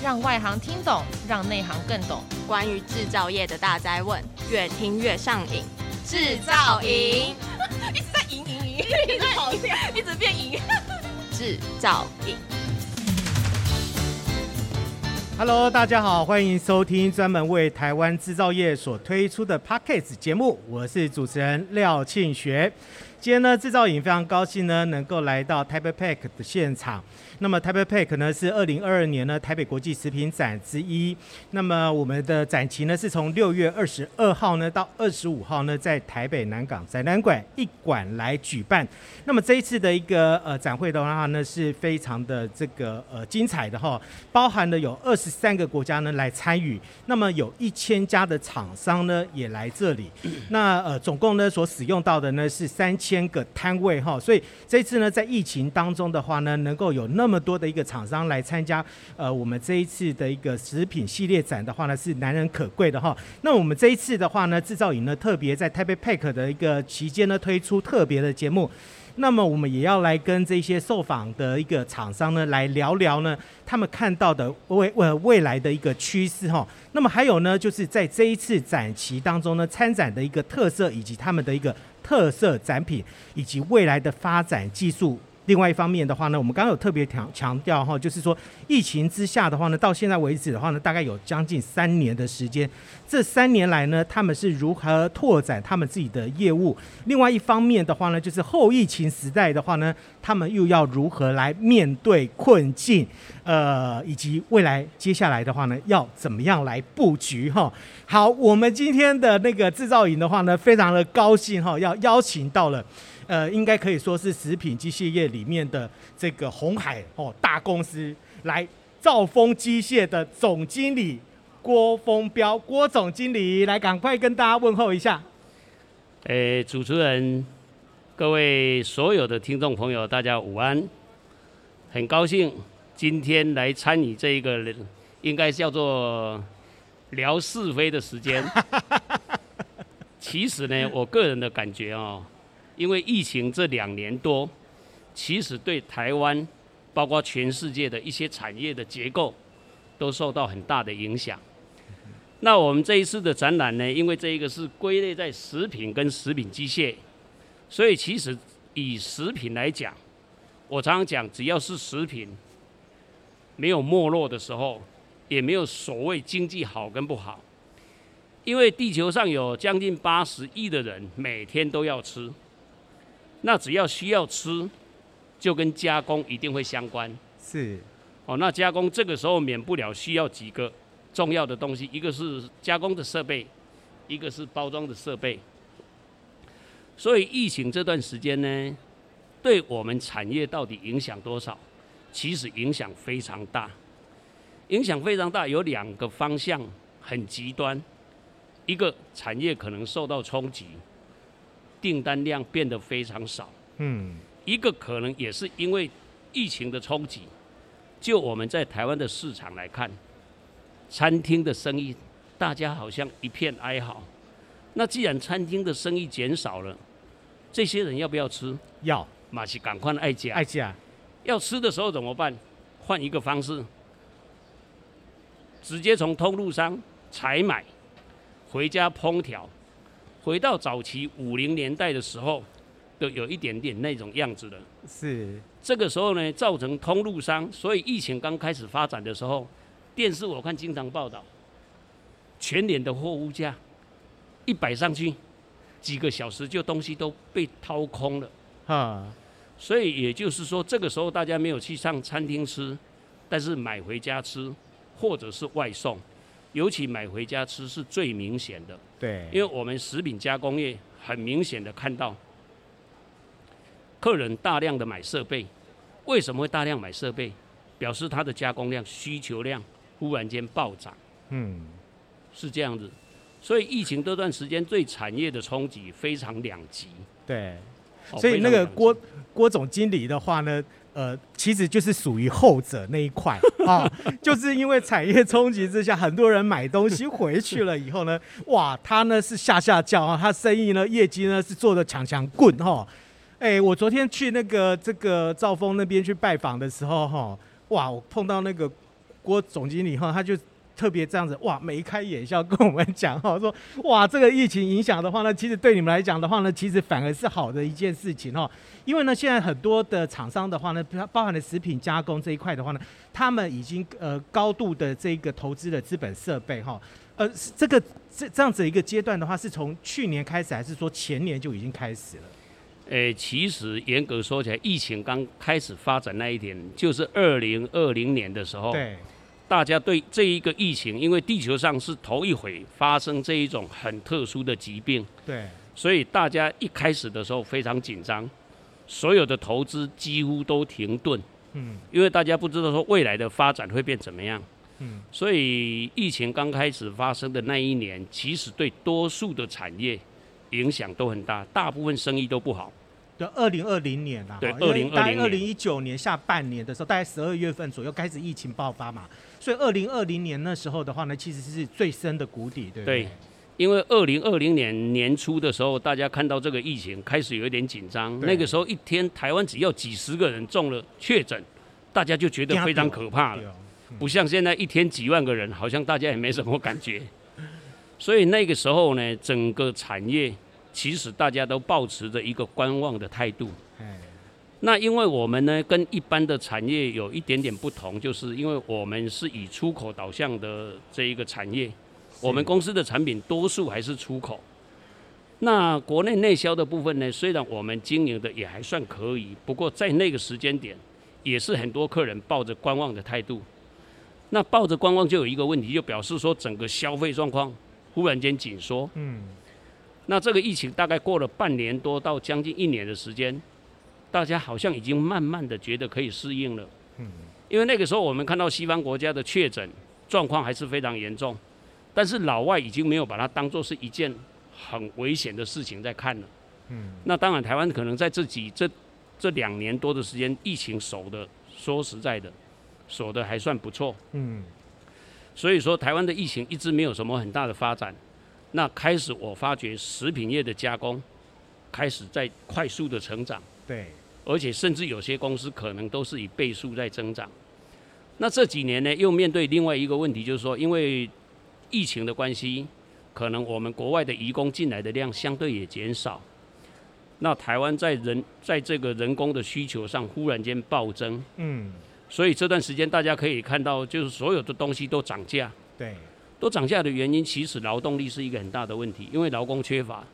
讓外行聽懂，讓內行更懂，關於製造業的大哉問，越聽越上癮。製造贏 一直在贏贏贏，一直變贏。製 造贏。Hello，大家好，歡迎收聽專門為台灣製造業所推出的 Podcast 節目，我是主持人廖慶學。今天呢，製造贏非常高興呢，能夠來到 TAIPEI PACK 的現場。那麼台北 PACK 呢是二零二二年呢台北國際食品展之一。那麼我們的展期呢是從六月二十二號呢到二十五號呢，在台北南港展覽館一館來舉辦。那麼這一次的一個呃展會的話呢是非常的這個呃精彩的哈，包含了有二十三個國家呢來參與，那麼有一千家的廠商呢也來這裡，那呃總共呢所使用到的呢是三千個攤位哈，所以這次呢在疫情當中的話呢能夠有那麼這麼多的一個廠商來參加，呃，我們這一次的一個食品系列展的話呢，是難能可貴的哈。那我們這一次的話呢，製造營呢特別在 Taipei Pack 的一個期間呢，推出特別的節目。那麼我們也要來跟這些受訪的一個廠商呢，來聊聊呢，他們看到的未未未來的一個趨勢哈。那麼還有呢，就是在這一次展期當中呢，參展的一個特色以及他們的一個特色展品，以及未來的發展技術。另外一方面的話呢，我們剛剛有特別強強調哈，就是說疫情之下的話呢，到現在為止的話呢，大概有將近三年的時間。這三年來呢，他們是如何拓展他們自己的業務？另外一方面的話呢，就是後疫情時代的話呢，他們又要如何來面對困境？呃，以及未來接下來的話呢，要怎麼樣來布局哈？好，我們今天的那個製造營的話呢，非常的高興哈，要邀請到了。呃，應該可以說是食品機械業裡面的這個紅海哦，大公司來兆酆機械的總經理郭豊標。郭總經理，來趕快跟大家問候一下。誒、欸，主持人，各位所有的聽眾朋友，大家午安，很高興今天來參與這一個應該叫做聊是非的時間。 其實呢，我個人的感覺哦、喔。因為疫情這兩年多，其實對台灣，包括全世界的一些產業的結構，都受到很大的影響。那我們這一次的展覽呢，因為這一個是歸類在食品跟食品機械，所以其實以食品來講，我常常講，只要是食品，沒有沒落的時候，也沒有所謂經濟好跟不好。因為地球上有將近八十億的人每天都要吃。那只要需要吃，就跟加工一定會相關。是，哦，那加工這個時候免不了需要幾個重要的東西，一個是加工的設備，一個是包裝的設備。所以疫情這段時間呢，對我們產業到底影響多少？其實影響非常大，影響非常大，有兩個方向，很極端，一個產業可能受到衝擊。訂單量變得非常少，嗯，一個可能也是因為疫情的衝擊。就我們在台灣的市場來看，餐廳的生意，大家好像一片哀嚎。那既然餐廳的生意減少了，這些人要不要吃？要，馬西，趕快愛家，愛家，要吃的時候怎麼辦？換一個方式，直接從通路商採買，回家烹調。回到早期五零年代的時候，都有一點點那種樣子的。是，這個時候呢，造成通路商，所以疫情剛開始發展的時候，電視我看經常報道，全年的貨物架一擺上去，幾個小時就東西都被掏空了。哈、啊，所以也就是說，這個時候大家沒有去上餐廳吃，但是買回家吃，或者是外送，尤其買回家吃是最明顯的。對，因為我們食品加工業很明顯的看到，客人大量的買設備，為什麼會大量買設備？表示他的加工量、需求量忽然間暴漲。嗯，是這樣子。所以疫情這段時間對產業的衝擊非常兩極。對，所以那個郭郭總經理的話呢？呃，其實就是屬於後者那一塊啊、 哦，就是因為產業衝擊之下， 很多人買東西回去了以後呢，哇，他呢是嚇嚇叫，啊，他生意呢業績呢是做得搶搶滾哈，哎、哦欸，我昨天去那個這個兆酆那邊去拜訪的時候哈、哦，哇，我碰到那個郭總經理哈、啊，他就。特別這樣子哇，眉開眼笑跟我們講哈，說哇，這個疫情影響的話呢，其實對你們來講的話呢，其實反而是好的一件事情哈。因為呢，現在很多的廠商的話呢，包含了食品加工這一塊的話呢，他們已經呃高度的這個投資的資本設備哈，呃，這個這這樣子一個階段的話，是從去年開始還是說前年就已經開始了？哎、欸，其實嚴格說起來，疫情剛開始發展那一點，就是二零二零年的時候。對。大家對這一個疫情，因為地球上是頭一回發生這一種很特殊的疾病，對，所以大家一開始的時候非常緊張，所有的投資幾乎都停頓，嗯，因為大家不知道說未來的發展會變怎麼樣，嗯，所以疫情剛開始發生的那一年，其實對多數的產業影響都很大，大部分生意都不好。對，二零二零年啦、啊，對，二零二零。因為大概二零一九年下半年的時候，大概十二月份左右開始疫情爆發嘛，所以二零二零年那時候的話呢，其實是最深的谷底，對，對。對，因為二零二零年年初的時候，大家看到這個疫情開始有一點緊張，對那個時候一天台灣只要幾十個人中了確診，大家就覺得非常可怕了，不像現在一天幾萬個人，好像大家也沒什麼感覺， 所以那個時候呢，整個產業。其實大家都抱持著一個觀望的態度。嘿那因為我們呢，跟一般的產業有一點點不同，就是因為我們是以出口導向的這一個產業，是我們公司的產品多數還是出口。那國內內銷的部分呢，雖然我們經營的也還算可以，不過在那個時間點，也是很多客人抱着觀望的態度。那抱着觀望就有一個問題，就表示說整個消費狀況忽然間緊縮。嗯。那這個疫情大概過了半年多到將近一年的時間，大家好像已經慢慢的覺得可以適應了。嗯，因為那個時候我們看到西方國家的確診狀況還是非常嚴重，但是老外已經沒有把它當做是一件很危險的事情在看了。嗯，那當然台灣可能在自己這幾這這兩年多的時間，疫情守得說實在的，守得還算不錯。嗯，所以說台灣的疫情一直沒有什麼很大的發展。那開始我發覺食品業的加工開始在快速的成長，對，而且甚至有些公司可能都是以倍數在增長。那這幾年呢，又面對另外一個問題，就是說因為疫情的關係，可能我們國外的移工進來的量相對也減少，那台灣在人在這個人工的需求上忽然間暴增，嗯，所以這段時間大家可以看到，就是所有的東西都漲價，對。都漲價的原因，其實勞動力是一個很大的問題，因為勞工缺乏。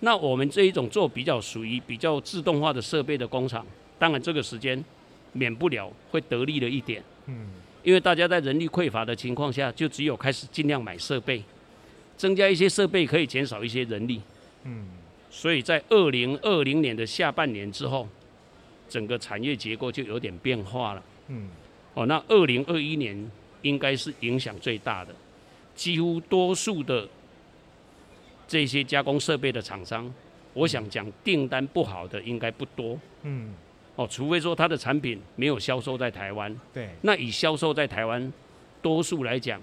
那我們這一種做比較屬於比較自動化的設備的工廠，當然這個時間免不了會得利了一點。嗯。因為大家在人力匱乏的情況下，就只有開始盡量買設備，增加一些設備可以減少一些人力。嗯。所以在二零二零年的下半年之後，整個產業結構就有點變化了。嗯。哦，那二零二一年應該是影響最大的。幾乎多數的這些加工設備的廠商，嗯。我想講訂單不好的應該不多。嗯。哦，除非說他的產品沒有銷售在台灣。對。那以銷售在台灣，多數來講，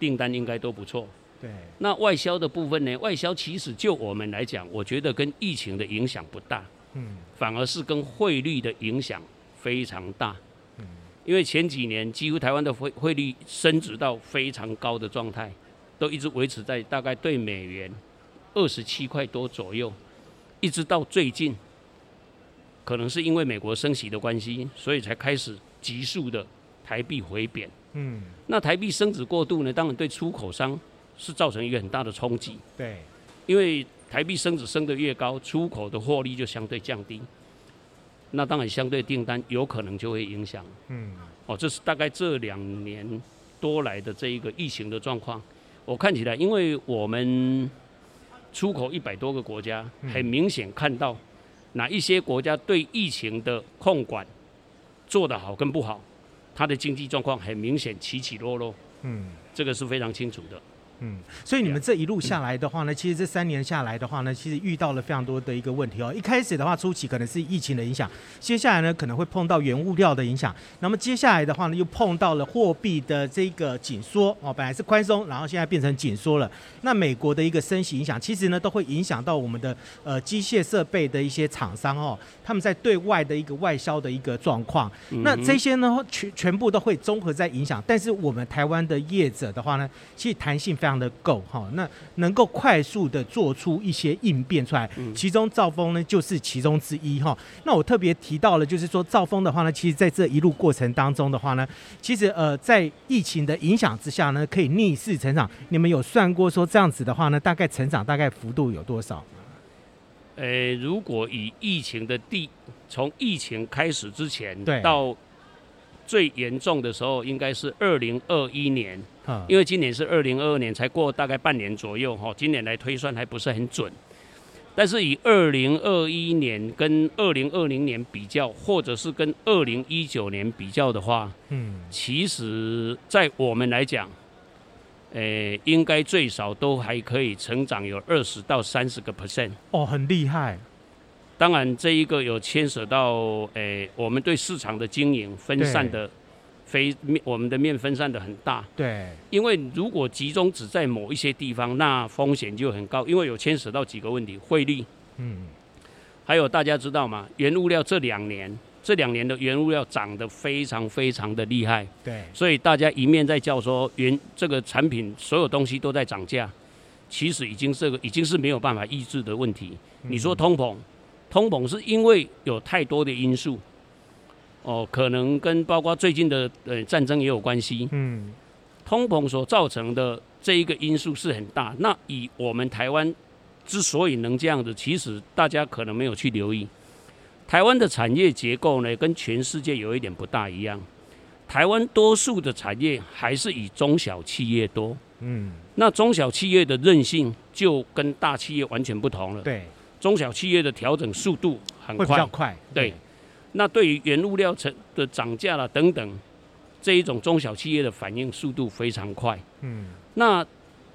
訂單應該都不錯。對。那外銷的部分呢？外銷其實就我們來講，我覺得跟疫情的影響不大。嗯。反而是跟匯率的影響非常大。因為前幾年幾乎台灣的匯匯率升值到非常高的狀態，都一直維持在大概對美元二十七塊多左右，一直到最近，可能是因為美國升息的關係，所以才開始急速的台幣回貶。嗯，那台幣升值過度呢，當然對出口商是造成一個很大的衝擊。對，因為台幣升值升得越高，出口的獲利就相對降低。那當然，相對訂單有可能就會影響。嗯，哦，這是大概這兩年多來的這一個疫情的狀況。我看起來，因為我們出口一百多個國家，很明顯看到哪一些國家對疫情的控管做得好跟不好，它的經濟狀況很明顯起起落落。嗯，這個是非常清楚的。嗯，所以你們這一路下來的話呢，其實這三年下來的話呢，其實遇到了非常多的一個問題哦。一開始的話，初期可能是疫情的影響，接下來呢可能會碰到原物料的影響，那麼接下來的話呢又碰到了貨幣的這個緊縮哦，本來是寬鬆，然後現在變成緊縮了。那美國的一個升息影響，其實呢都會影響到我們的呃機械設備的一些廠商哦，他們在對外的一個外銷的一個狀況。那這些呢全全部都會綜合在影響，但是我們台灣的業者的話呢，其實彈性非常多。樣的夠哈，那能夠快速的做出一些應變出來，其中兆酆呢，就是其中之一哈。那我特別提到了，就是說兆酆的話呢，其實，在這一路過程當中的話呢，其實呃，在疫情的影響之下呢，可以逆勢成長。你們有算過說這樣子的話呢，大概成長大概幅度有多少？呃，如果以疫情的地，從疫情開始之前到。對最嚴重的時候應該是二零二一年，因為今年是二零二二年，才過大概半年左右，今年來推算還不是很準，但是以二零二一年跟二零二零年比較，或者是跟二零一九年比較的話，嗯，其實在我們來講，欸，應該最少都還可以成長有二十到三十個 percent，哦，很厲害。當然，這一個有牽扯到，誒、欸，我們對市場的經營分散的對非面，我們的面分散的很大。對，因為如果集中只在某一些地方，那風險就很高，因為有牽扯到幾個問題，匯率，嗯，還有大家知道嗎？原物料這兩年，這兩年的原物料漲得非常非常的厲害。對，所以大家一面在叫說原這個產品所有東西都在漲價，其實已經這個已經是沒有辦法抑制的問題。嗯、你說通膨？通膨是因為有太多的因素，哦，可能跟包括最近的呃、欸、戰爭也有關係。嗯，通膨所造成的這一個因素是很大。那以我們台灣之所以能這樣子，其實大家可能沒有去留意，台灣的產業結構呢，跟全世界有一點不大一樣。台灣多數的產業還是以中小企業多。嗯，那中小企業的韌性就跟大企業完全不同了。對。中小企業的調整速度很快，會比較快。對，對那對於原物料成的漲價啦等等，這一種中小企業的反應速度非常快。嗯，那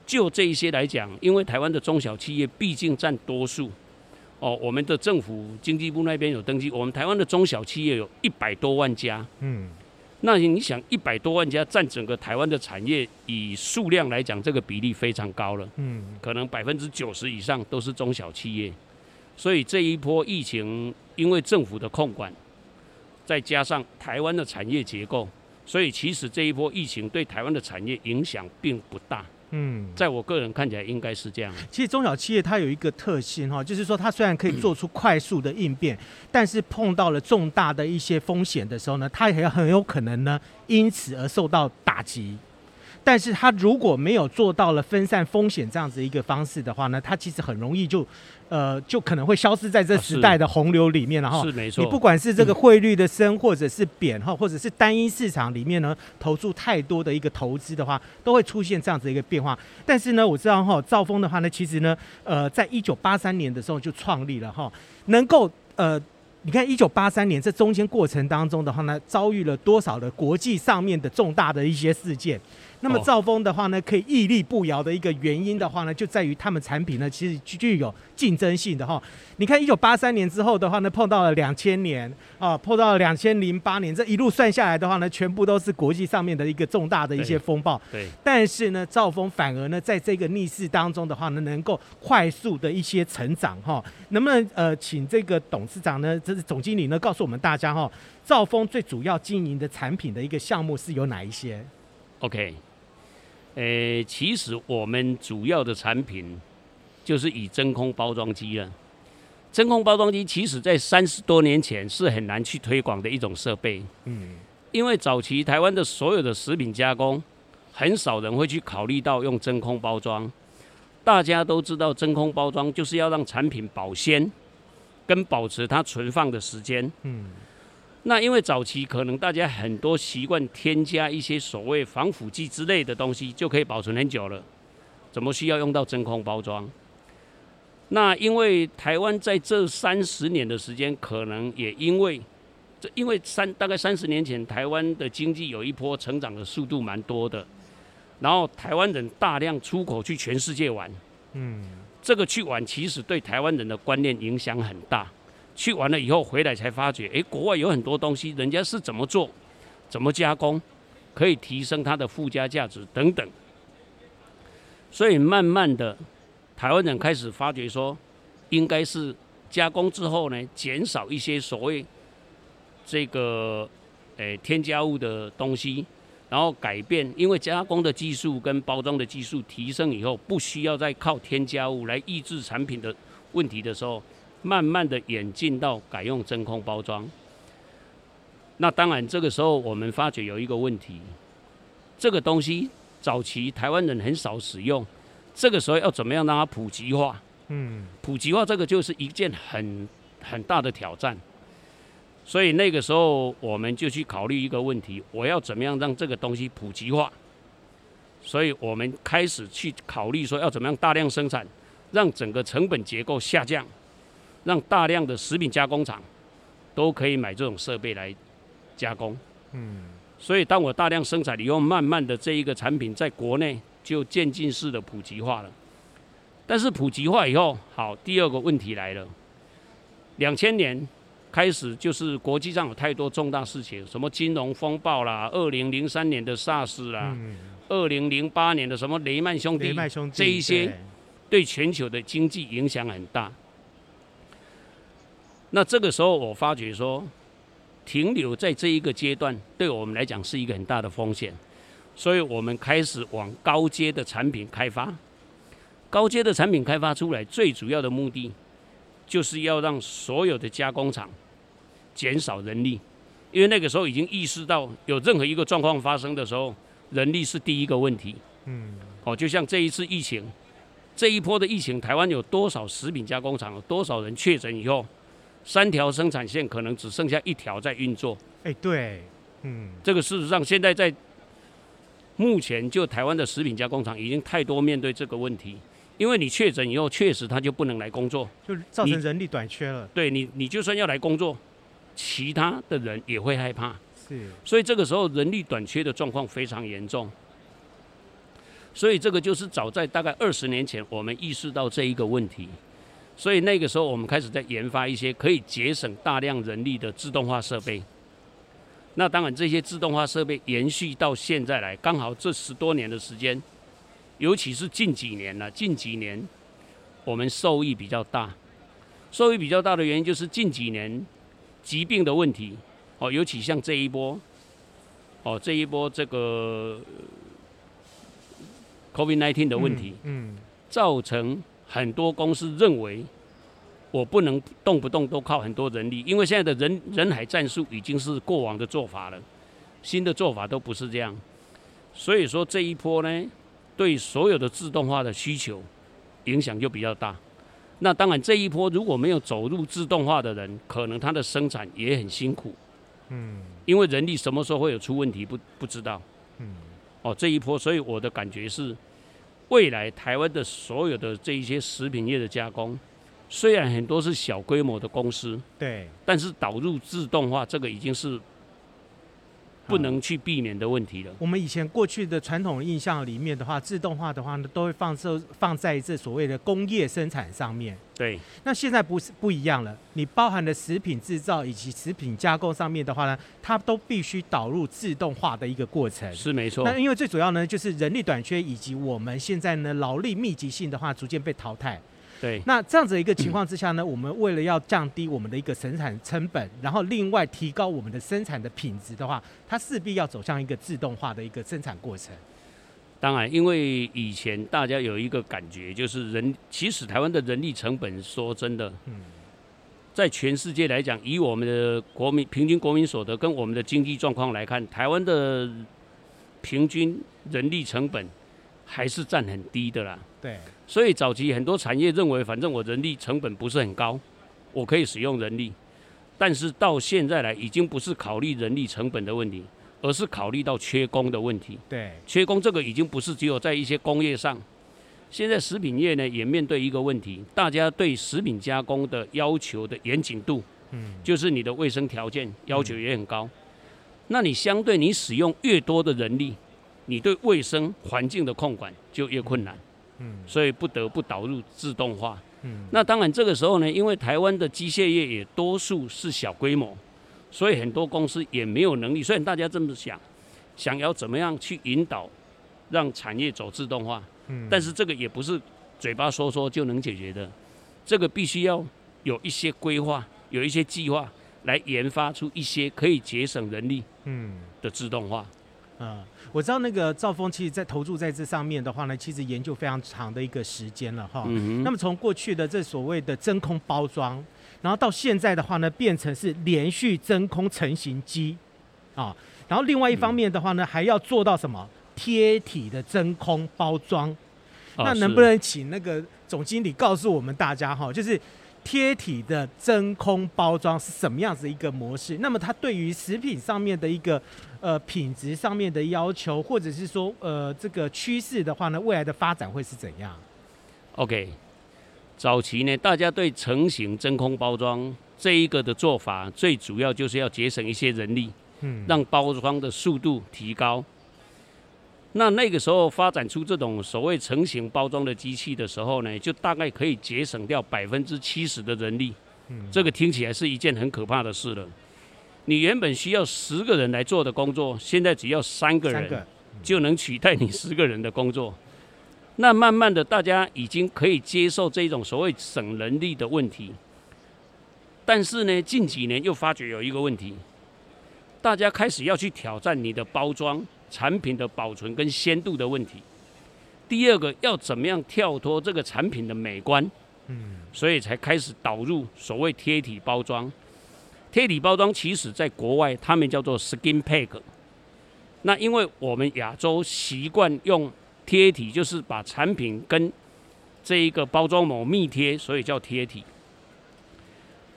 就這一些來講，因為台灣的中小企業畢竟佔多數。哦，我們的政府經濟部那邊有登記，我們台灣的中小企業有一百多萬家。嗯，那你想一百多萬家佔整個台灣的產業，以數量來講，這個比例非常高了。嗯，可能百分之九十以上都是中小企業。所以這一波疫情，因為政府的控管，再加上台灣的產業結構，所以其實這一波疫情對台灣的產業影響並不大。嗯，在我個人看起來應該是這樣。其實中小企業它有一個特性哈，就是說它雖然可以做出快速的應變， 但是碰到了重大的一些風險的時候呢，它也很有可能呢因此而受到打擊。但是它如果沒有做到了分散風險這樣子一個方式的話呢，它其實很容易就，呃，就可能會消失在這時代的洪流裡面了哈、啊。是，是沒錯。你不管是這個匯率的升或者是貶哈，嗯、或者是單一市場裡面呢投注太多的一個投資的話，都會出現這樣子一個變化。但是呢，我知道哈，兆酆的話呢，其實呢，呃，在一九八三年的時候就創立了哈，能夠呃，你看一九八三年這中間過程當中的話呢，遭遇了多少的國際上面的重大的一些事件。那麼兆酆的話呢，可以屹立不搖的一個原因的話呢，就在於他們產品呢其實具有競爭性的哈。你看一九八三年之後的話呢，碰到了兩千年啊，碰到了兩千零八年，這一路算下來的話呢，全部都是國際上面的一個重大的一些風暴。對。但是呢，兆酆反而呢，在這個逆勢當中的話呢，能夠快速的一些成長哈。能不能呃，請這個董事長呢，這是總經理呢，告訴我們大家哈，兆酆最主要經營的產品的一個項目是有哪一些？OK，欸，其實我們主要的產品就是以真空包裝機了。真空包裝機其實，在三十多年前是很難去推廣的一種設備。嗯。因為早期台灣的所有的食品加工，很少人會去考慮到用真空包裝。大家都知道，真空包裝就是要讓產品保鮮，跟保持它存放的時間。嗯。那因為早期可能大家很多習慣添加一些所謂防腐劑之類的東西，就可以保存很久了。怎麼需要用到真空包裝？那因為台灣在這三十年的時間，可能也因為這因為三大概三十年前，台灣的經濟有一波成長的速度蠻多的，然後台灣人大量出口去全世界玩。嗯，這個去玩其實對台灣人的觀念影響很大。去完了以後回來才發覺，哎、欸，國外有很多東西，人家是怎麼做，怎麼加工，可以提升它的附加價值等等。所以慢慢的，台灣人開始發覺說，應該是加工之後呢，減少一些所謂這個誒、欸，添加物的東西，然後改變，因為加工的技術跟包裝的技術提升以後，不需要再靠添加物來抑制產品的問題的時候。慢慢的演進到改用真空包裝，那當然這個時候我們發覺有一個問題，這個東西早期台灣人很少使用，這個時候要怎麼樣讓它普及化？嗯，普及化這個就是一件很很大的挑戰，所以那個時候我們就去考慮一個問題，我要怎麼樣讓這個東西普及化？所以我們開始去考慮說要怎麼樣大量生產，讓整個成本結構下降。讓大量的食品加工廠都可以買這種設備來加工，嗯，所以當我大量生產以後，慢慢的這一個產品在國內就漸進式的普及化了。但是普及化以後，好，第二個問題來了。兩千年開始就是國際上有太多重大事情，什麼金融風暴啦，二零零三年的 SARS 啦、啊，二零零八年的什麼雷曼兄弟，雷曼兄弟，這一些對全球的經濟影響很大。那這個時候，我發覺說，停留在這一個階段，對我們來講是一個很大的風險，所以我們開始往高階的產品開發。高階的產品開發出來，最主要的目的，就是要讓所有的加工廠減少人力，因為那個時候已經意識到，有任何一個狀況發生的時候，人力是第一個問題。嗯。哦，就像這一次疫情，這一波的疫情，台灣有多少食品加工廠，有多少人確診以後？三條生產線可能只剩下一條在運作。哎、欸，對，嗯，這個事實上現在在目前就台灣的食品加工廠已經太多面對這個問題，因為你確診以後，確實他就不能來工作，就造成人力短缺了。你對你，你就算要來工作，其他的人也會害怕。是。所以這個時候人力短缺的狀況非常嚴重。所以這個就是早在大概二十年前，我們意識到這一個問題。所以那個時候，我們開始在研發一些可以節省大量人力的自動化設備。那當然，這些自動化設備延續到現在來，剛好這十多年的時間，尤其是近幾年呢、啊，近幾年我們受益比較大。受益比較大的原因，就是近幾年疾病的問題，哦，尤其像這一波，哦，這一波這個 COVID-19 的問題，嗯，造成。很多公司認為，我不能動不動都靠很多人力，因為現在的人，人海戰術已經是過往的做法了，新的做法都不是這樣。所以說這一波呢，對所有的自動化的需求影響就比較大。那當然，這一波如果沒有走入自動化的人，可能他的生產也很辛苦。嗯，因為人力什麼時候會有出問題，不，不知道。嗯，哦，這一波，所以我的感覺是。未來台灣的所有的這一些食品業的加工，雖然很多是小規模的公司，對，但是導入自動化，這個已經是。不能去避免的問題了、啊。我們以前過去的傳統印象裡面的話，自動化的話呢，都會放這放在這所謂的工業生產上面。對。那現在不是不一樣了，你包含的食品製造以及食品加工上面的話呢，它都必須導入自動化的一個過程。是沒錯。那因為最主要呢，就是人力短缺以及我們現在呢勞力密集性的話，逐漸被淘汰。對，那這樣子一個情況之下呢，我們為了要降低我們的一個生產成本，然後另外提高我們的生產的品質的話，它勢必要走向一個自動化的一個生產過程。當然，因為以前大家有一個感覺，就是人，其實台灣的人力成本，說真的，嗯，在全世界來講，以我們的國民平均國民所得跟我們的經濟狀況來看，台灣的平均人力成本還是佔很低的啦。對，所以早期很多產業認為，反正我人力成本不是很高，我可以使用人力。但是到現在來，已經不是考慮人力成本的問題，而是考慮到缺工的問題。對，缺工這個已經不是只有在一些工業上，現在食品業呢也面對一個問題，大家對食品加工的要求的嚴謹度，嗯，就是你的衛生條件要求也很高。嗯，那你相對你使用越多的人力，你對衛生環境的控管就越困難。嗯，所以不得不導入自動化。嗯，那當然這個時候呢，因為台灣的機械業也多數是小規模，所以很多公司也沒有能力。雖然大家這麼想，想要怎麼樣去引導讓產業走自動化，嗯，但是這個也不是嘴巴說說就能解決的，這個必須要有一些規劃，有一些計劃來研發出一些可以節省人力的自動化，嗯，啊。我知道那個兆酆其實在投注在這上面的話呢，其實研究非常長的一個時間了哈。嗯、哼那麼從過去的這所謂的真空包裝，然後到現在的話呢，變成是連續真空成型機，啊，然後另外一方面的話呢，嗯、還要做到什麼貼體的真空包裝，啊、那能不能請那個總經理告訴我們大家哈，就是。貼體的真空包裝是什麼樣子一個模式？那麼它對於食品上面的一個呃品質上面的要求，或者是說呃這個趨勢的話呢，未來的發展會是怎樣？OK，早期呢，大家對成型真空包裝這一個的做法，最主要就是要節省一些人力，嗯，讓包裝的速度提高。那那個時候發展出這種所謂成型包裝的機器的時候呢，就大概可以節省掉百分之七十的人力。這個聽起來是一件很可怕的事了。你原本需要十個人來做的工作，現在只要三個人就能取代你十個人的工作。那慢慢的，大家已經可以接受這種所謂省人力的問題。但是呢，近幾年又發覺有一個問題，大家開始要去挑戰你的包裝。產品的保存跟鮮度的問題。第二個，要怎麼樣跳脫這個產品的美觀？嗯，所以才開始導入所謂貼體包裝。貼體包裝其實，在國外他們叫做 skin pack。那因為我們亞洲習慣用貼體，就是把產品跟這一個包裝膜密貼，所以叫貼體。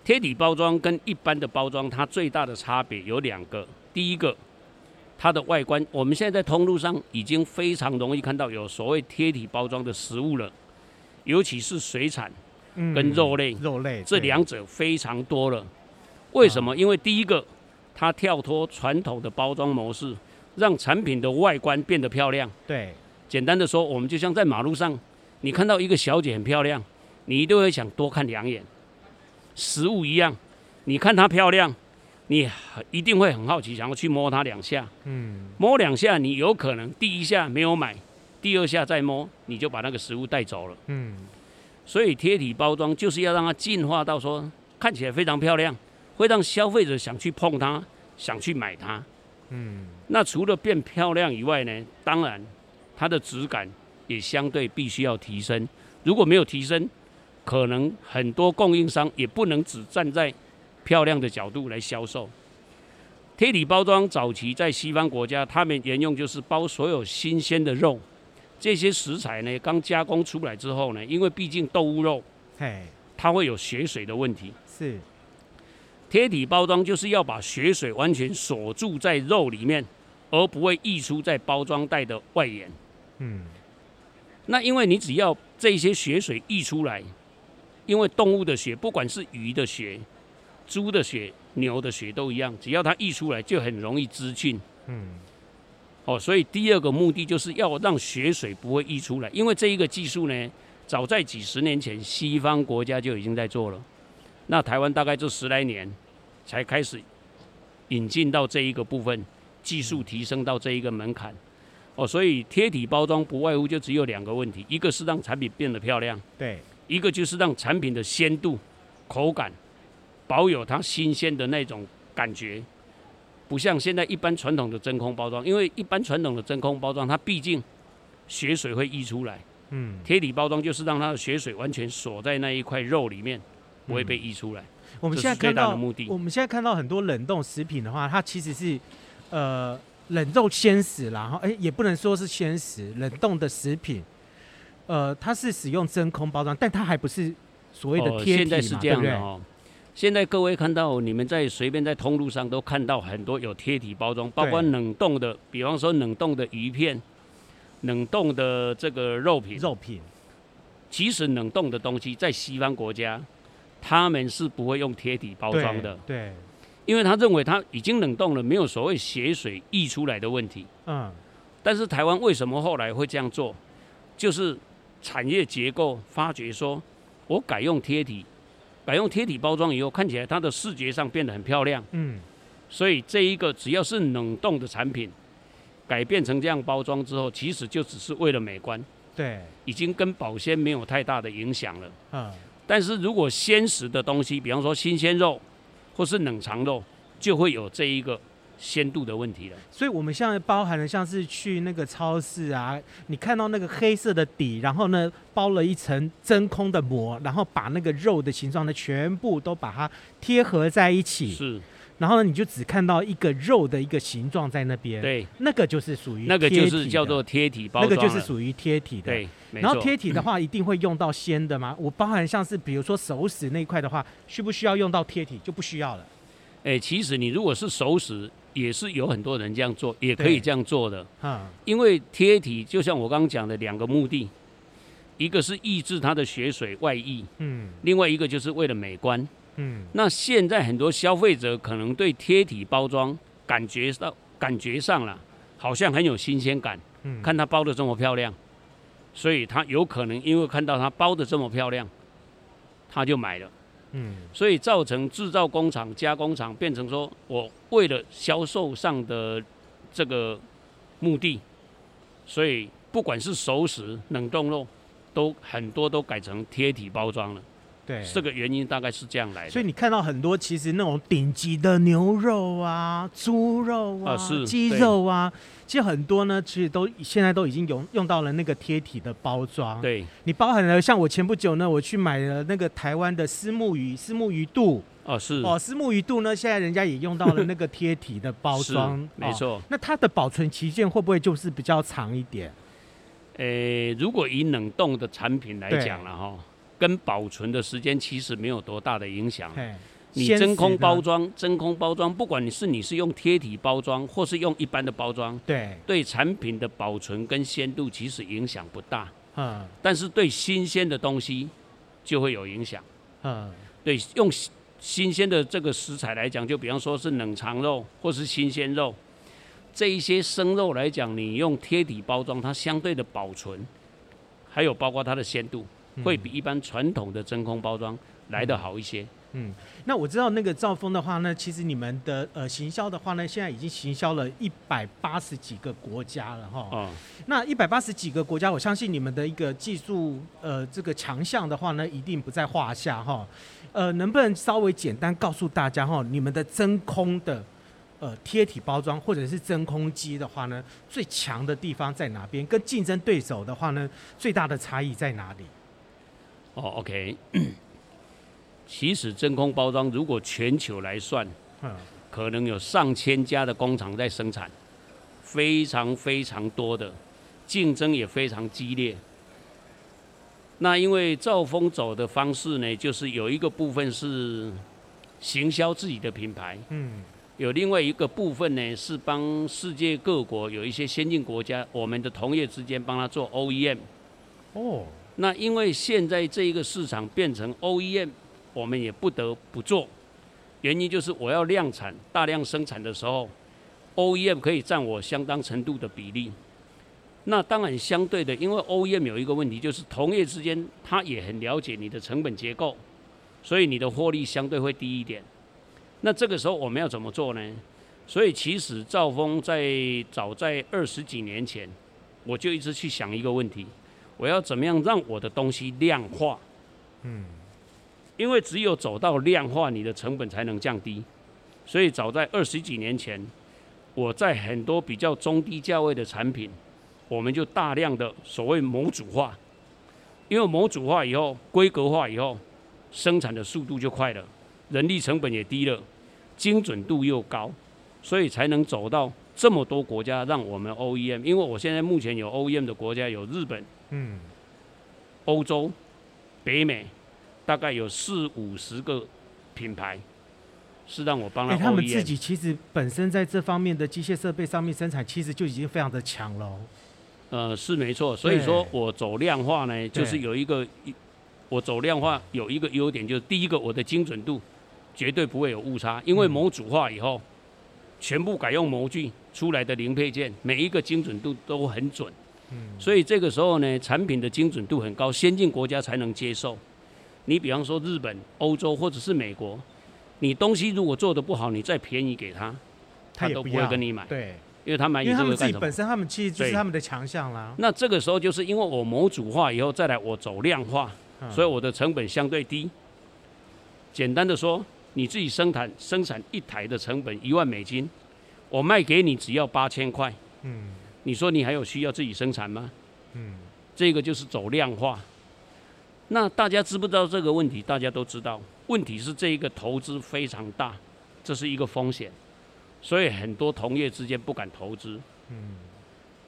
貼體包裝跟一般的包裝，它最大的差別有兩個。第一個。它的外觀，我們現在在通路上已經非常容易看到有所謂貼體包裝的食物了，尤其是水產跟肉類，嗯、肉類這兩者非常多了。對為什麼？因為第一個，它跳脫傳統的包裝模式，讓產品的外觀變得漂亮。對，簡單的說，我們就像在馬路上，你看到一個小姐很漂亮，你都會想多看兩眼。食物一樣，你看它漂亮，你一定會很好奇，想要去摸它兩下。嗯，摸兩下，你有可能第一下沒有買，第二下再摸，你就把那個食物帶走了。嗯，所以貼體包裝就是要讓它進化到說看起來非常漂亮，會讓消費者想去碰它，想去買它。嗯，那除了變漂亮以外呢？當然，它的質感也相對必須要提升。如果沒有提升，可能很多供應商也不能只站在。漂亮的角度來銷售，貼體包裝早期在西方國家，他們沿用，就是包所有新鮮的肉，這些食材呢，剛加工出來之後呢，因為畢竟動物肉，嘿，它會有血水的問題。是，貼體包裝就是要把血水完全鎖住在肉裡面，而不會溢出在包裝袋的外沿。嗯，那因為你只要這些血水溢出來，因為動物的血，不管是魚的血。豬的血、牛的血都一樣，只要它溢出來就很容易滋菌。嗯，哦，所以第二個目的就是要讓血水不會溢出來，因為這一個技術呢，早在幾十年前西方國家就已經在做了。那台灣大概這十來年才開始引進到這一個部分，技術提升到這一個門檻。嗯、哦，所以貼體包裝不外乎就只有兩個問題，一個是讓產品變得漂亮，對；一個就是讓產品的鮮度、口感。保有它新鮮的那種感覺，不像現在一般傳統的真空包裝，因為一般傳統的真空包裝，它畢竟血水會溢出來。嗯，貼體包裝就是讓它的血水完全鎖在那一塊肉裡面，嗯、不會被溢出來。我們現在看到，的目的我們現在看到很多冷凍食品的話，它其實是呃冷凍鮮食，然後哎也不能說是鮮食，冷凍的食品，呃，它是使用真空包裝，但它還不是所謂的貼體、呃、現在是這樣的吧哦。現在各位看到，你們在隨便在通路上都看到很多有貼體包裝，包括冷凍的，比方說冷凍的魚片、冷凍的這個肉品。肉品，其實冷凍的東西在西方國家，他們是不會用貼體包裝的。對。因為他認為他已經冷凍了，沒有所謂血水溢出來的問題。嗯。但是台灣為什麼後來會這樣做？就是產業結構發覺說，我改用貼體。改用貼體包裝以後，看起來它的視覺上變得很漂亮。嗯，所以這一個只要是冷凍的產品，改變成這樣包裝之後，其實就只是為了美觀。對，已經跟保鮮沒有太大的影響了。嗯，但是如果鮮食的東西，比方說新鮮肉或是冷藏肉，就會有這一個。鮮度的問題了，所以我們現在包含了像是去那個超市啊，你看到那個黑色的底，然後呢包了一層真空的膜，然後把那個肉的形狀呢全部都把它貼合在一起，是，然後呢你就只看到一個肉的一個形狀在那邊，對，那個就是屬於那個就是叫做貼體包那個就是屬於貼體的，對，然後貼體的話一定會用到鮮的嘛？我包含像是比如說熟食那一塊的話，需不需要用到貼體就不需要了？哎，其實你如果是熟食。也是有很多人這樣做，也可以這樣做的。嗯，因為貼體就像我剛剛講的兩個目的，一個是抑制它的血水外溢，嗯，另外一個就是為了美觀，嗯。那現在很多消費者可能對貼體包裝感覺到感覺上了，好像很有新鮮感，嗯，看它包的這麼漂亮，所以他有可能因為看到它包的這麼漂亮，他就買了。嗯，所以造成製造工廠、加工廠變成說，我為了銷售上的這個目的，所以不管是熟食、冷凍肉，都很多都改成貼體包裝了。對，這個原因大概是這樣來的。所以你看到很多其實那種頂級的牛肉啊、豬肉啊、雞、啊、肉啊，對其實很多呢，其實都現在都已經用用到了那個貼體的包裝。對，你包含了像我前不久呢，我去買了那個台灣的虱目魚虱目魚肚。哦、啊，是。哦，虱目魚肚呢，現在人家也用到了那個貼體的包裝。沒錯。那它的保存期限會不會就是比較長一點？呃、欸，如果以冷凍的產品來講了哈。跟保存的時間其實沒有多大的影響。你真空包裝，真空包裝，不管你是你是用貼體包裝，或是用一般的包裝，對對產品的保存跟鮮度其實影響不大。嗯，但是對新鮮的東西就會有影響。嗯，對，用新鮮的這個食材來講，就比方說是冷藏肉或是新鮮肉，這一些生肉來講，你用貼體包裝，它相對的保存，還有包括它的鮮度。會比一般傳統的真空包裝來得好一些，嗯。嗯，那我知道那個兆酆的話呢，其實你們的呃行銷的話呢，現在已經行銷了一百八十幾個國家了哈。哦。那一百八十幾個國家，我相信你們的一個技術呃這個強項的話呢，一定不在話下哈。呃，能不能稍微簡單告訴大家哈，你們的真空的呃貼體包裝或者是真空機的話呢，最強的地方在哪邊？跟競爭對手的話呢，最大的差異在哪裡？哦、oh，OK 其實真空包裝如果全球來算，嗯、可能有上千家的工廠在生產，非常非常多的，競爭也非常激烈。那因為兆酆走的方式呢，就是有一個部分是行銷自己的品牌，嗯、有另外一個部分呢是幫世界各國有一些先進國家，我們的同業之間幫他做 OEM。哦。那因為現在這一個市場變成 O E M，我們也不得不做。原因就是我要量產、大量生產的時候，O E M 可以占我相當程度的比例。那當然相對的，因為 O E M 有一個問題，就是同業之間他也很了解你的成本結構，所以你的獲利相對會低一點。那這個時候我們要怎麼做呢？所以其實兆酆在早在二十幾年前，我就一直去想一個問題。我要怎麼樣讓我的東西量化？嗯，因為只有走到量化，你的成本才能降低。所以早在二十幾年前，我在很多比較中低價位的產品，我們就大量的所謂模組化。因為模組化以後，規格化以後，生產的速度就快了，人力成本也低了，精準度又高，所以才能走到。這麼多國家讓我們 OEM，因為我現在目前有 OEM 的國家有日本，歐、嗯、洲、北美，大概有四五十個品牌是讓我幫他、欸、他們自己。其實本身在這方面的機械設備上面生產，其實就已經非常的強了、哦。呃，是沒錯，所以說我走量化呢，對就是有一個我走量化有一個優點，就是第一個我的精準度絕對不會有誤差，因為模組化以後、嗯、全部改用模具。出來的零配件每一個精準度都很準，嗯，所以這個時候呢，產品的精準度很高，先進國家才能接受。你比方說日本、歐洲或者是美國，你東西如果做的不好，你再便宜給他，他都不會跟你買，對，因為他買你這個。因為他們自己本身，他們其實就是他們的強項啦。那這個時候就是因為我模組化以後再來我走量化，嗯，所以我的成本相對低。簡單的說，你自己生產生產一台的成本一萬美金。我賣給你只要八千塊，嗯，你說你還有需要自己生產嗎？嗯，這個就是走量化。那大家知不知道這個問題？大家都知道，問題是這一個投資非常大，這是一個風險，所以很多同業之間不敢投資。嗯，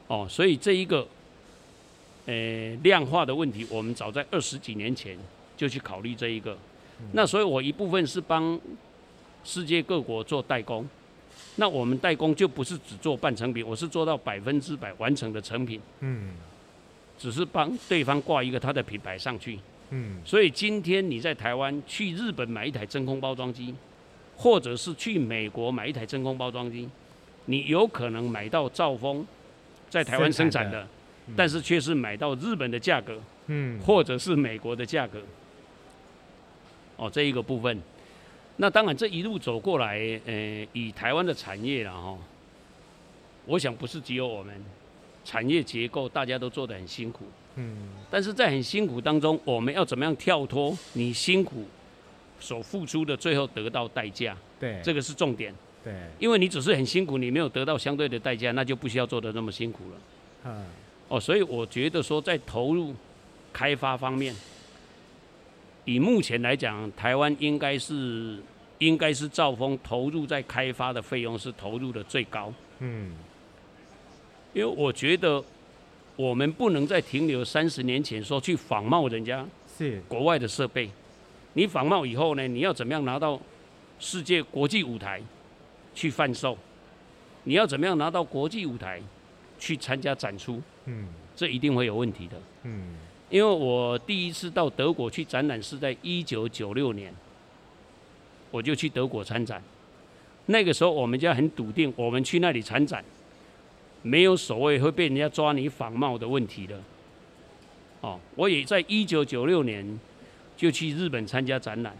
哦，所以這一個，呃，量化的問題，我們早在二十幾年前就去考慮這一個。嗯，那所以我一部分是幫世界各國做代工。那我們代工就不是只做半成品，我是做到百分之百完成的成品。嗯，只是幫對方掛一個他的品牌上去。嗯，所以今天你在台灣去日本買一台真空包裝機，或者是去美國買一台真空包裝機，你有可能買到兆酆在台灣生產的，生產的。嗯，但是卻是買到日本的價格。嗯，或者是美國的價格。哦，這一個部分。那當然，這一路走過來，呃，以台灣的產業了哈，我想不是只有我們，產業結構大家都做得很辛苦，嗯，但是在很辛苦當中，我們要怎麼樣跳脫你辛苦所付出的最後得到代價？對，這個是重點。對，因為你只是很辛苦，你沒有得到相對的代價，那就不需要做得那麼辛苦了。嗯，哦，所以我覺得說在投入開發方面。以目前來講，台灣應該是應該是兆酆投入在開發的費用是投入的最高。嗯，因為我覺得我們不能再停留三十年前說去仿冒人家是國外的設備，是你仿冒以後呢，你要怎麼樣拿到世界國際舞台去販售？你要怎麼樣拿到國際舞台去參加展出？嗯，這一定會有問題的。嗯。因為我第一次到德國去展覽是在一九九六年，我就去德國參展。那個時候我們家很篤定，我們去那裡參展，沒有所謂會被人家抓你仿冒的問題的。哦，我也在一九九六年就去日本參加展覽，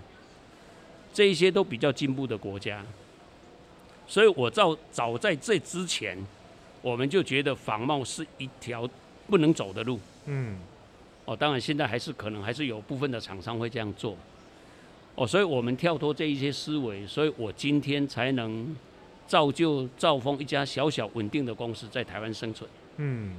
這一些都比較進步的國家。所以我早早在這之前，我們就覺得仿冒是一條不能走的路。嗯。哦，當然現在還是可能還是有部分的廠商會這樣做，哦，所以我們跳脫這一些思維，所以我今天才能造就兆酆一家小小穩定的公司在台灣生存。嗯，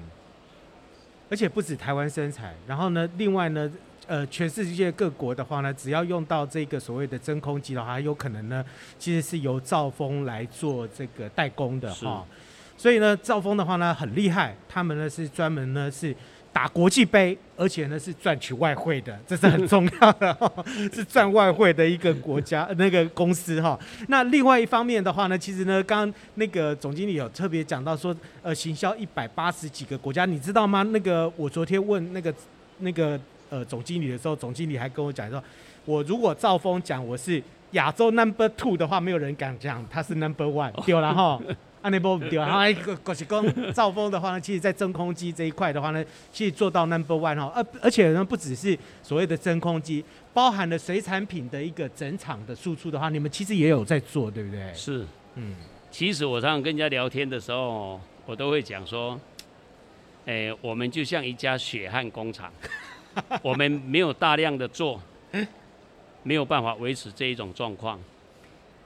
而且不止台灣生產，然後呢，另外呢，呃，全世界各國的話呢，只要用到這個所謂的真空機的話，有可能呢，其實是由兆酆來做這個代工的哈是，所以呢，兆酆的話呢很厲害，他們呢是專門呢是。打國際杯，而且呢是賺取外匯的，這是很重要的、哦， 是賺外匯的一個國家 那個公司哈、哦。那另外一方面的話呢，其實呢，剛,剛那個總經理有特別講到說，呃，行銷一百八十幾個國家，你知道嗎？那個我昨天問那個那個呃總經理的時候，總經理還跟我講說，我如果兆酆講我是亞洲 number two 的話，沒有人敢講他是 number one， 對了哈、哦。 啊，那波唔掉，然後一個兆酆的話呢， 其實在真空機這一塊的話呢，其實做到 number one 哈，而而且呢不只是所謂的真空機，包含了水產品的一個整場的輸出的話，你們其實也有在做，對不對？是，嗯，其實我常常跟人家聊天的時候，我都會講說，哎、欸，我們就像一家血汗工廠， 我們沒有大量的做， 沒有辦法維持這一種狀況。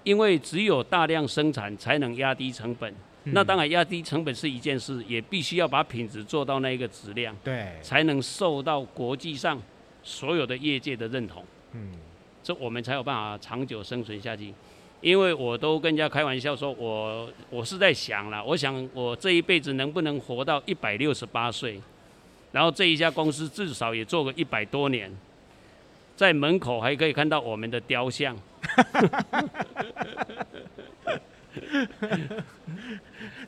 因為只有大量生產才能壓低成本，嗯，那當然壓低成本是一件事，也必須要把品質做到那個質量，對，才能受到國際上所有的業界的認同。嗯，這我們才有辦法長久生存下去。因為我都跟人家開玩笑說我，我我是在想了，我想我這一輩子能不能活到一百六十八歲，然後這一家公司至少也做個一百多年，在門口還可以看到我們的雕像。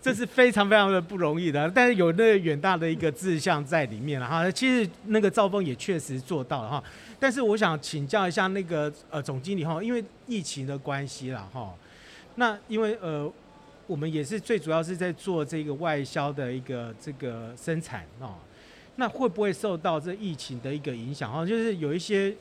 這是非常非常的不容易的，啊，但是有那個遠大的一個志向在裡面了哈。其實那個兆酆也確實做到了哈，啊。但是我想請教一下那個呃總經理哈，因為疫情的關係了哈。那因為呃我們也是最主要是在做這個外銷的一個這個生產哦，啊，那會不會受到這疫情的一個影響？哈，就是有一些。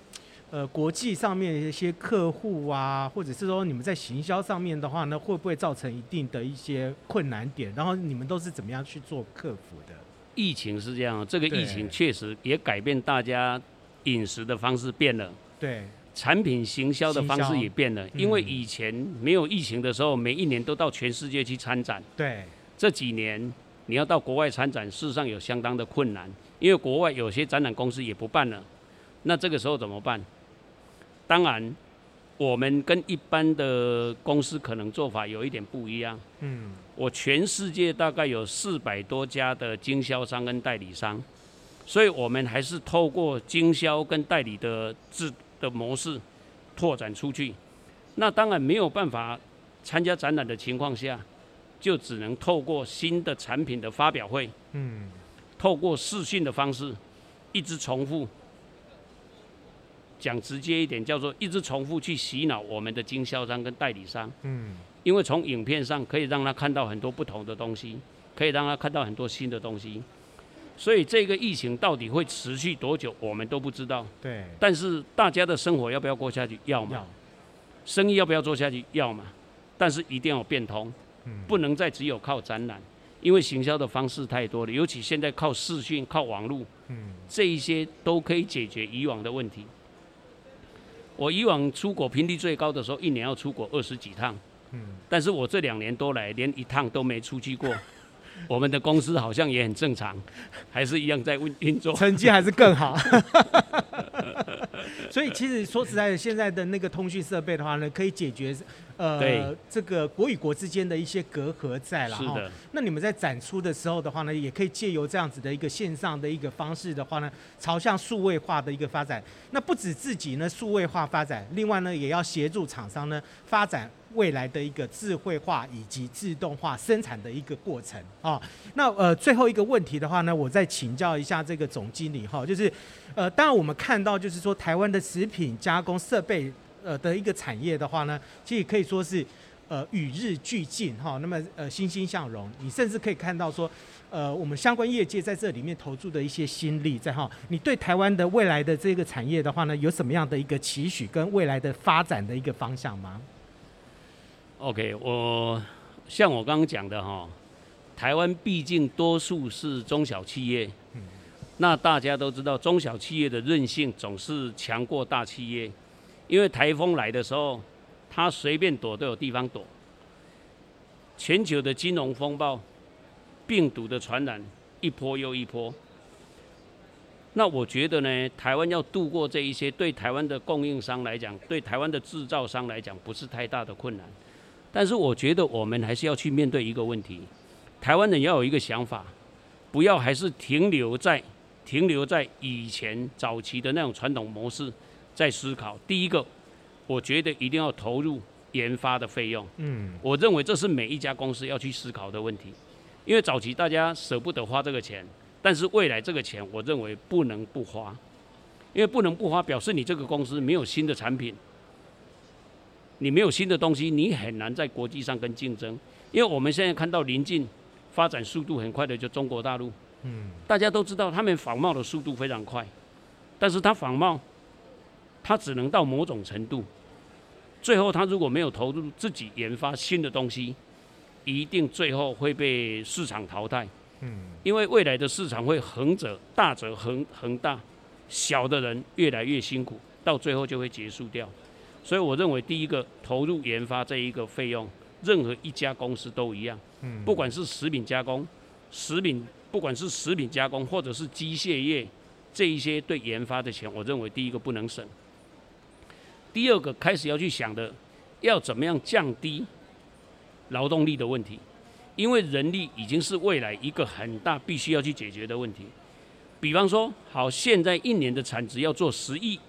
呃，國際上面一些客戶啊，或者是說你們在行銷上面的話呢，會不會造成一定的一些困難點？然後你們都是怎麼樣去做克服的？疫情是這樣喔，這個疫情確實也改變大家飲食的方式變了。對，產品行銷的方式也變了。行銷，因為以前沒有疫情的時候，嗯、每一年都到全世界去參展。對，這幾年你要到國外參展，事實上有相當的困難，因為國外有些展覽公司也不辦了。那這個時候怎麼辦？當然，我們跟一般的公司可能做法有一點不一樣。嗯，我全世界大概有四百多家的經銷商跟代理商，所以我們還是透過經銷跟代理的制的模式拓展出去。那當然沒有辦法參加展覽的情況下，就只能透過新的產品的發表會，嗯，透過視訊的方式一直重複。講直接一點，叫做一直重複去洗腦我們的經銷商跟代理商。嗯，因為從影片上可以讓他看到很多不同的東西，可以讓他看到很多新的東西。所以這個疫情到底會持續多久，我們都不知道。對。但是大家的生活要不要過下去？要嘛。要。生意要不要做下去？要嘛。但是一定要變通，嗯，不能再只有靠展覽，因為行銷的方式太多了，尤其現在靠視訊、靠網絡，嗯，這一些都可以解決以往的問題。我以往出國頻率最高的時候，一年要出國二十幾趟。嗯，但是我這兩年多來，連一趟都沒出去過。 我們的公司好像也很正常，還是一樣在運運作，成績還是更好。所以，其實說實在的，現在的那個通訊設備的話呢，可以解決。呃，對這個國與國之間的一些隔閡在了哈的、哦。那你們在展出的時候的話呢，也可以借由這樣子的一個線上的一個方式的話呢，朝向數位化的一個發展。那不止自己呢數位化發展，另外呢也要協助廠商呢發展未來的一個智慧化以及自動化生產的一個過程啊、哦。那呃最後一個問題的話呢，我再請教一下這個總經理哈、哦，就是呃當然我們看到就是說台灣的食品加工設備。呃的一個產業的話呢，其實可以說是，呃與日俱進哈，那麼呃欣欣向榮，你甚至可以看到說，呃我們相關業界在這裡面投注的一些心力在哈，你對台灣的未來的這個產業的話呢，有什麼樣的一個期許跟未來的發展的一個方向嗎？OK，我像我剛剛講的哈，台灣畢竟多數是中小企業，嗯，那大家都知道中小企業的韌性總是強過大企業。因為颱風來的時候，它隨便躲都有地方躲。全球的金融風暴、病毒的傳染一波又一波。那我覺得呢，台灣要度過這一些，對台灣的供應商來講，對台灣的製造商來講，不是太大的困難。但是我覺得我們還是要去面對一個問題，台灣人要有一個想法，不要還是停留在停留在以前早期的那種傳統模式。在思考第一個，我覺得一定要投入研發的費用。嗯，我認為這是每一家公司要去思考的問題，因為早期大家捨不得花這個錢，但是未來這個錢，我認為不能不花。因為不能不花，表示你這個公司沒有新的產品，你沒有新的東西，你很難在國際上跟競爭。因為我們現在看到鄰近發展速度很快的，就中國大陸。嗯，大家都知道他們仿冒的速度非常快，但是他仿冒。他只能到某種程度，最後他如果沒有投入自己研發新的東西，一定最後會被市場淘汰。嗯，因為未來的市場會橫者、大者、橫恆大，小的人越來越辛苦，到最後就會結束掉。所以我認為，第一個投入研發這一個費用，任何一家公司都一樣。嗯，不管是食品加工、食品，不管是食品加工或者是機械業，這一些對研發的錢，我認為第一個不能省。第二個開始要去想的，要怎麼樣降低勞動力的問題，因為人力已經是未來一個很大必須要去解決的問題。比方說，好，現在一年的產值要做十億，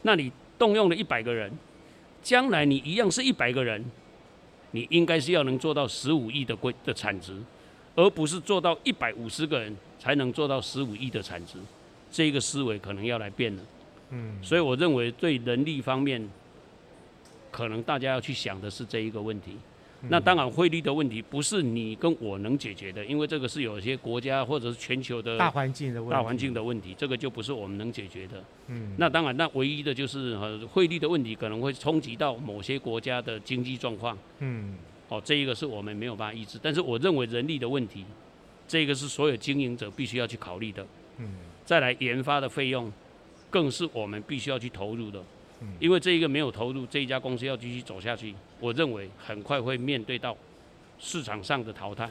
那你動用了一百個人，將來你一樣是一百個人，你應該是要能做到十五億的規的產值，而不是做到一百五十個人才能做到十五億的產值，這個思維可能要來變了。嗯，所以我認為對人力方面，可能大家要去想的是這一個問題。嗯，那當然，匯率的問題不是你跟我能解決的，因為這個是有些國家或者是全球的大環境的大環境的問題，問題這個就不是我們能解決的。嗯，那當然，那唯一的就是匯率的問題可能會衝擊到某些國家的經濟狀況。嗯，哦，這一個是我們沒有辦法抑制，但是我認為人力的問題，這個是所有經營者必須要去考慮的。嗯，再來研發的費用，更是我們必須要去投入的，因為這一個沒有投入，這一家公司要繼續走下去，我認為很快會面對到市場上的淘汰。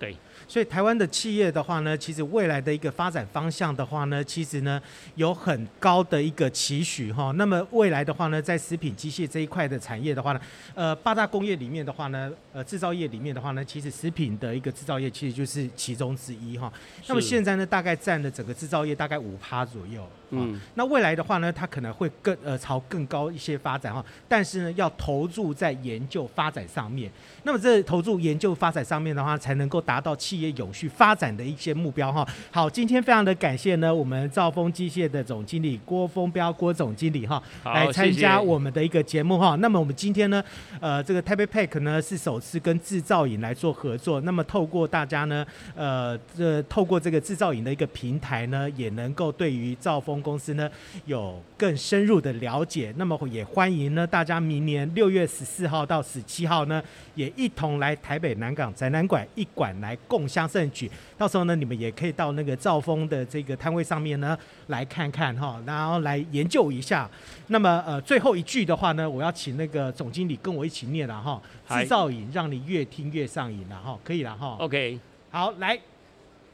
對，所以台灣的企業的話呢，其實未來的一個發展方向的話呢，其實呢有很高的一個期許哈、哦。那麼未來的話呢，在食品機械這一塊的產業的話呢，呃，八大工業裡面的話呢，呃，製造業裡面的話呢，其實食品的一個製造業其實就是其中之一哈。哦、是那麼現在呢，大概佔了整個製造業大概五趴左右。哦、嗯。那未來的話呢，它可能會更呃朝更高一些發展哈、哦，但是呢，要投注在研究發展上面。那麼這投注研究發展上面的話，才能夠。達到企業永續發展的一些目標哈。好，今天非常的感謝呢，我們兆酆機械的總經理郭豊標郭總經理哈，來參加我們的一個節目哈。那麼我們今天呢，呃，這個台北 pack 呢是首次跟製造營來做合作。那麼透過大家呢，呃，這透過這個製造營的一個平台呢，也能夠對於兆酆公司呢有更深入的了解。那麼也歡迎呢大家明年六月十四號到十七號呢，也一同來台北南港展覽館一館。來共襄盛舉，到時候呢，你們也可以到那個兆酆的這個攤位上面呢來看看哈，然後來研究一下。那麼呃，最後一句的話呢，我要請那個總經理跟我一起念了哈，制造癮，讓你越聽越上癮了哈，可以了哈。OK，好來。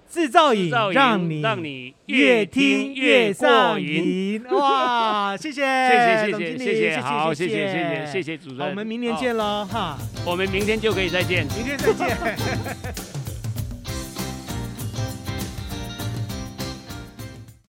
製造音，讓你讓你越聽越上癮！哇，謝謝，謝謝總經理，謝謝，謝謝，謝謝，謝謝，謝謝，我們明年見嘍，哈，我們明天就可以再見，明天再見。